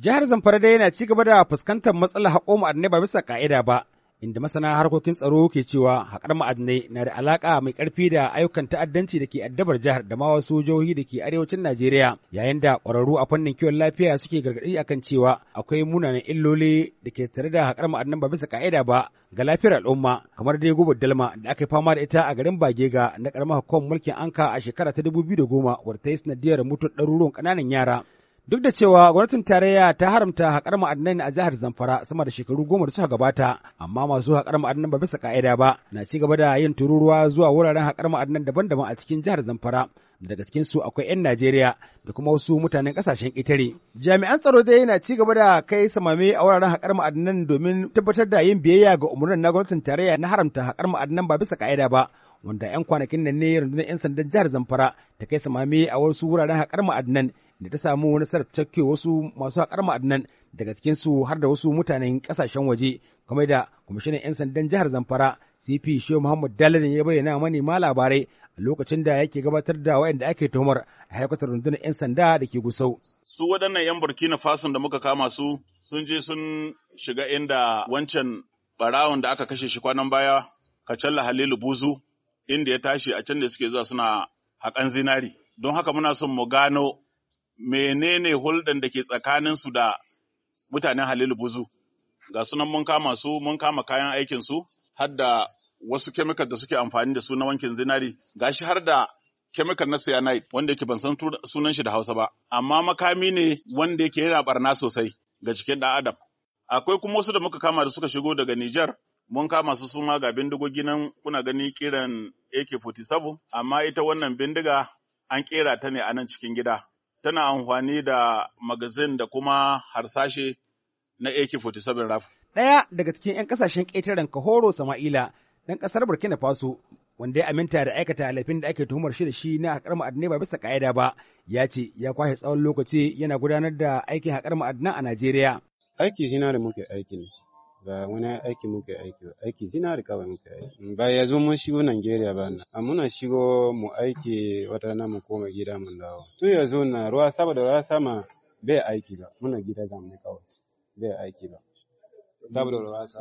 Jihar Zamfara dai yana ci gaba da fuskantar matsalar haƙo ma'adinai ba bisa ka'ida ba, inda masana harkokin tsaro ke cewa haƙar ma'adinai na da alaƙa mai ƙarfi da ayyukan ta'addanci da ke addabar jihar da ma wasu jihohi da ke arewacin Najeriya yayin da ƙwararru a fannin kiwon lafiya suke gargaɗi akan cewa akwai munanan illoli da ke tare da haƙar ma'adinan ba bisa ka'ida ba ga lafiyar al'umma kamar dai gubar dalma da aka fama da ita a garin Bagega na ƙaramar hukumar mulkin Anka a shekara ta 2010 wadda ta yi sanadiyar mutuwar ɗaruruwan ƙananan yara Duk da cewa gwamnatin tarayya ta haramta haƙar ma'adinai a jihar Zamfara sama da shekaru goma da suka gabata, amma masu haƙar ma'adinan ba bisa ka'ida ba na ci gaba da yin tururuwa zuwa wuraren haƙar ma'adinan daban-daban a cikin jihar Zamfara. Daga cikin su akwai 'yan Najeriya da kuma wasu mutanen ƙasashen ƙetare. Jami'an tsaro dai na ci gaba da kai samame a wuraren haƙar ma'adinan domin tabbatar da yin biyayya ga umarnin na gwamnatin tarayya na haramta haƙar ma'adinan ba bisa ka'ida ba. Wanda 'yan kwanakin nan ne rundunar 'yan sandan jihar Zamfara ta kai samame a wasu wuraren haƙar ma'adinan da ta samu wani sarf cakke wasu masu haƙar ma'adinan daga cikinsu har da wasu mutanen ƙasashen waje kamar da kwamishinan 'yan sandan jihar zamfara cp shehu muhammad dalilin ya bayyana ma labarai a lokacin da yake gabatar da wayanda ake tuhumar a harkatar rundunar 'yan sanda da ke gusau su waɗannan 'yan burkina faso da muka kama su sun je sun shiga inda wancan barawon da aka kashe shi kwanan baya kacalla halilu buzu inda ya tashi a can da suke zuwa suna haƙan zinari don haka muna son mu gano menene hulɗan da ke tsakanin tsakaninsu da mutanen Halilu Buzu. Ga sunan mun kama su, mun kama kayan aikinsu, har da wasu kemikal da suke amfani da su na wankin zinari, gashi har da kemikal na cyanide wanda yake ban san sunan shi da Hausa ba, amma makami ne wanda yake yana barna sosai ga cikin ɗan Adam. Akwai kuma wasu da muka kama da suka shigo daga Nijar, mun kama su suma ga bindigogi nan kuna gani kiran AK-47, amma ita wannan bindiga an kera ta ne a nan cikin gida. tana amfani da magazin da kuma harsashe na AK-47 RAF. Ɗaya daga cikin 'yan ƙasashen ƙetaren Kahoro Sama'ila ɗan ƙasar Burkina Faso wanda ya aminta da aikata laifin da ake tuhumar shi da shi na haƙar ma'adinai ba bisa ƙa'ida ba ya ce ya kwashe tsawon lokaci yana gudanar da aikin haƙar ma'adinan a Najeriya. Aiki hina da muke aiki ne. ba wani aiki muke aiki ba aiki zinari kawai muke aiki ba ya zo mun shigo nigeria ba na muna shigo mu aiki wata rana mu koma gida mun dawo to ya zo na ruwa saboda ruwa sama bai aiki ba muna gida zamu kawai bai aiki ba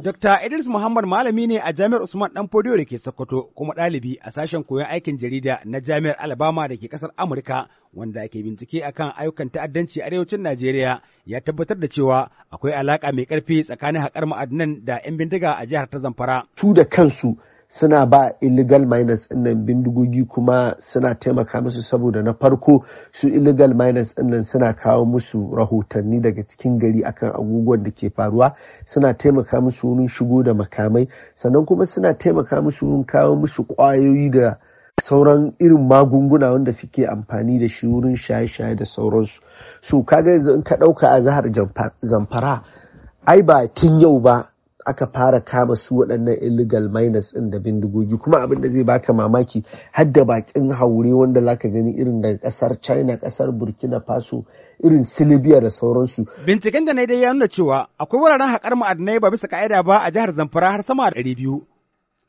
Dr. Idris Muhammad malami ne a Jami'ar Usman Dan Fodiyo da ke Sokoto kuma ɗalibi a sashen koyon aikin jarida na Jami'ar Alabama da ke ƙasar Amurka wanda ke bincike akan ayyukan ta'addanci a arewacin Najeriya ya tabbatar da cewa akwai alaƙa mai ƙarfi tsakanin haƙar ma'adinan da 'yan bindiga a jihar ta Zamfara. Su da kansu suna ba illegal miners ɗinnan bindigogi kuma suna taimaka musu saboda na farko su illegal miners ɗinnan suna kawo musu rahotanni daga cikin gari akan abubuwan da ke faruwa suna taimaka musu wurin shigo da makamai sannan kuma suna taimaka musu wurin kawo musu kwayoyi da sauran irin magunguna wanda suke amfani da shi wurin shaye-shaye da sauransu so kaga yanzu in ka ɗauka a zahar zamfara ai ba tun yau ba aka fara kama su waɗannan illegal miners ɗin da bindigogi kuma abin da zai baka mamaki har da bakin haure wanda zaka gani irin daga ƙasar china ƙasar burkina faso irin silibiya da sauransu binciken da na dai ya nuna cewa akwai wuraren haƙar ma'adinai ba bisa ka'ida ba a jihar zamfara har sama da ɗari biyu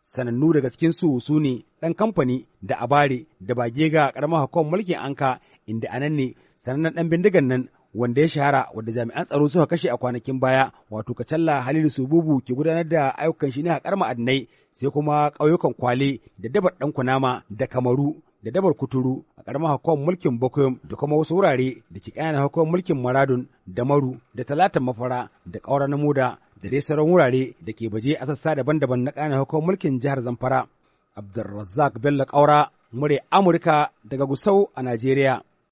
sanannu daga cikin su su ne ɗan kamfani da abare da bage ga ƙaramar hukumar mulkin anka inda anan ne sanannen ɗan bindigan nan wanda ya shahara wanda jami'an tsaro suka kashe a kwanakin baya wato kacalla halilu sububu ke gudanar da ayyukan shi ne a karma adinai sai kuma ƙauyukan kwale da dabar dan kunama da kamaru da dabar kuturu a karamar hakon mulkin bokoyom da kuma wasu wurare da ke ƙananan hakuwan mulkin maradun da maru da talatan mafara da ƙaura na moda da dai sauran wurare da ke baje a sassa daban-daban na kayan hukumar mulkin jihar Zamfara. abdulrazak Bello Kaura, murya Amurka daga Gusau a Najeriya.